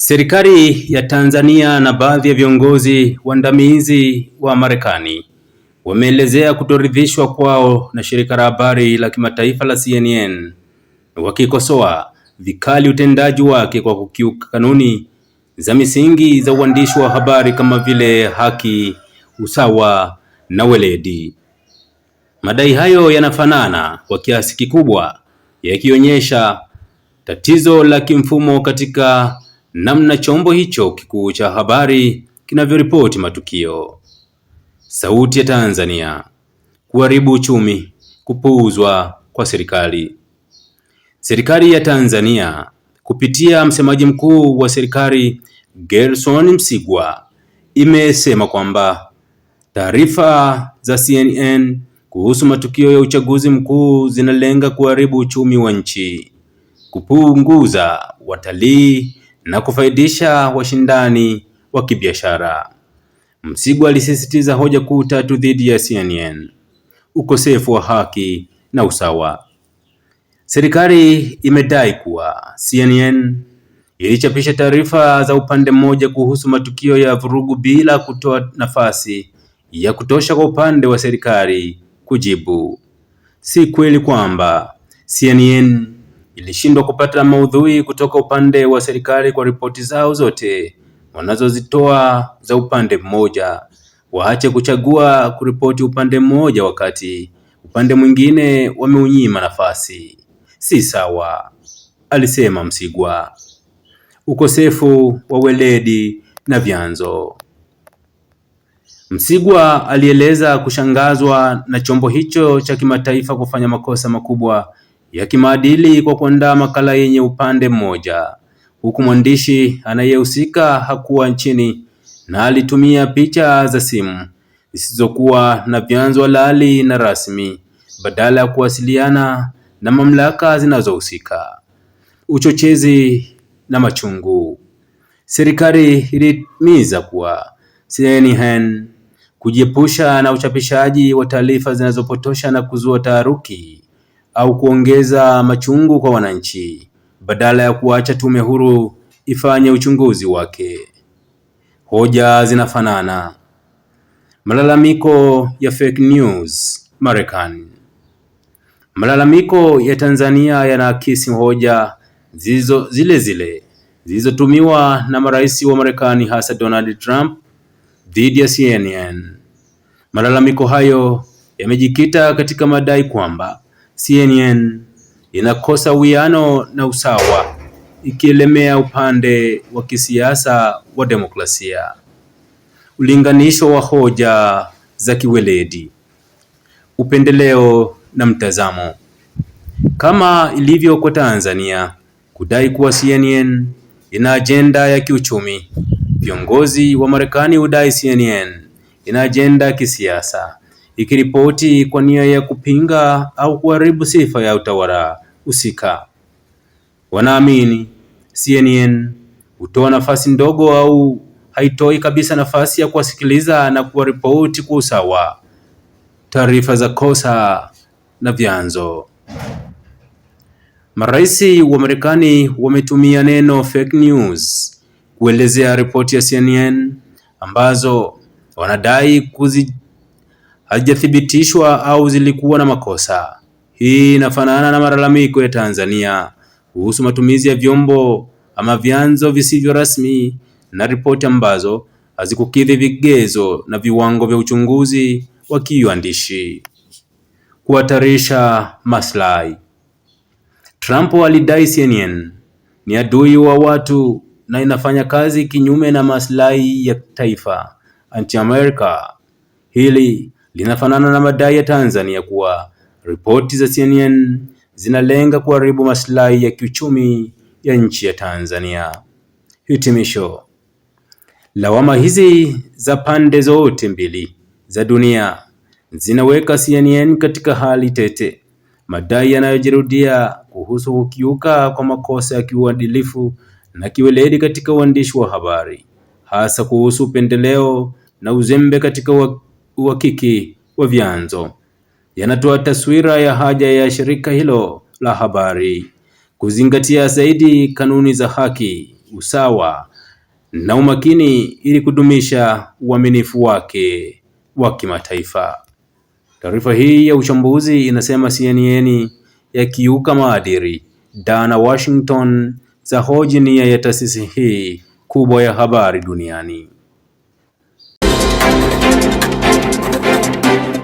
Serikali ya Tanzania na baadhi ya viongozi waandamizi wa Marekani wameelezea kutoridhishwa kwao na shirika la habari la kimataifa la CNN, wakikosoa vikali utendaji wake kwa kukiuka kanuni za misingi za uandishi wa habari kama vile haki, usawa na weledi. Madai hayo yanafanana kwa kiasi kikubwa, yakionyesha tatizo la kimfumo katika namna chombo hicho kikuu cha habari kinavyoripoti matukio. Sauti ya Tanzania, kuharibu uchumi, kupuuzwa kwa serikali. Serikali ya Tanzania kupitia msemaji mkuu wa serikali Gerson Msigwa imesema kwamba taarifa za CNN kuhusu matukio ya uchaguzi mkuu zinalenga kuharibu uchumi wa nchi, kupunguza watalii na kufaidisha washindani wa kibiashara. Msigwa alisisitiza hoja kuu tatu dhidi ya CNN: ukosefu wa haki na usawa. Serikali imedai kuwa CNN ilichapisha taarifa za upande mmoja kuhusu matukio ya vurugu bila kutoa nafasi ya kutosha kwa upande wa serikali kujibu. Si kweli kwamba CNN ilishindwa kupata maudhui kutoka upande wa serikali kwa ripoti zao zote wanazozitoa za upande mmoja. Waache kuchagua kuripoti upande mmoja wakati upande mwingine wameunyima nafasi. Si sawa, alisema Msigwa. Ukosefu wa weledi na vyanzo. Msigwa alieleza kushangazwa na chombo hicho cha kimataifa kufanya makosa makubwa ya kimaadili kwa kuandaa makala yenye upande mmoja, huku mwandishi anayehusika hakuwa nchini na alitumia picha za simu zisizokuwa na vyanzo halali na rasmi badala ya kuwasiliana na mamlaka zinazohusika. Uchochezi na machungu. Serikali ilimiza kuwa kujiepusha na uchapishaji wa taarifa zinazopotosha na kuzua taharuki au kuongeza machungu kwa wananchi badala ya kuacha tume huru ifanye uchunguzi wake. Hoja zinafanana. Malalamiko ya fake news Marekani. Malalamiko ya Tanzania yanaakisi hoja zizo, zile zile zilizotumiwa na marais wa Marekani hasa Donald Trump dhidi ya CNN. Malalamiko hayo yamejikita katika madai kwamba CNN inakosa uwiano na usawa, ikielemea upande wa kisiasa wa demokrasia, ulinganisho wa hoja za kiweledi, upendeleo na mtazamo. Kama ilivyo kwa Tanzania, kudai kuwa CNN ina ajenda ya kiuchumi. Viongozi wa Marekani hudai CNN ina ajenda ya kisiasa ikiripoti kwa nia ya kupinga au kuharibu sifa ya utawala husika. Wanaamini CNN hutoa nafasi ndogo au haitoi kabisa nafasi ya kuwasikiliza na kuwaripoti kwa usawa taarifa za kosa na vyanzo. Marais wa Marekani wametumia neno fake news kuelezea ripoti ya CNN ambazo wanadai kuzi hazijathibitishwa au zilikuwa na makosa. Hii inafanana na malalamiko ya Tanzania kuhusu matumizi ya vyombo ama vyanzo visivyo rasmi na ripoti ambazo hazikukidhi vigezo na viwango vya uchunguzi wa kiuandishi. Kuhatarisha maslahi. Trump alidai CNN ni adui wa watu na inafanya kazi kinyume na maslahi ya taifa anti-America. Hili linafanana na madai ya Tanzania kuwa ripoti za CNN zinalenga kuharibu maslahi ya kiuchumi ya nchi ya Tanzania. Hitimisho. Lawama hizi za pande zote mbili za dunia zinaweka CNN katika hali tete, madai yanayojirudia kuhusu kukiuka kwa makosa ya kiuadilifu na kiweledi katika uandishi wa habari, hasa kuhusu upendeleo na uzembe katika wa uhakiki wa vyanzo yanatoa taswira ya haja ya shirika hilo la habari kuzingatia zaidi kanuni za haki, usawa na umakini ili kudumisha uaminifu wake wa kimataifa. Taarifa hii ya uchambuzi inasema CNN yakiuka maadili, Dar Washington za hoji nia ya taasisi hii kubwa ya habari duniani. Thank you.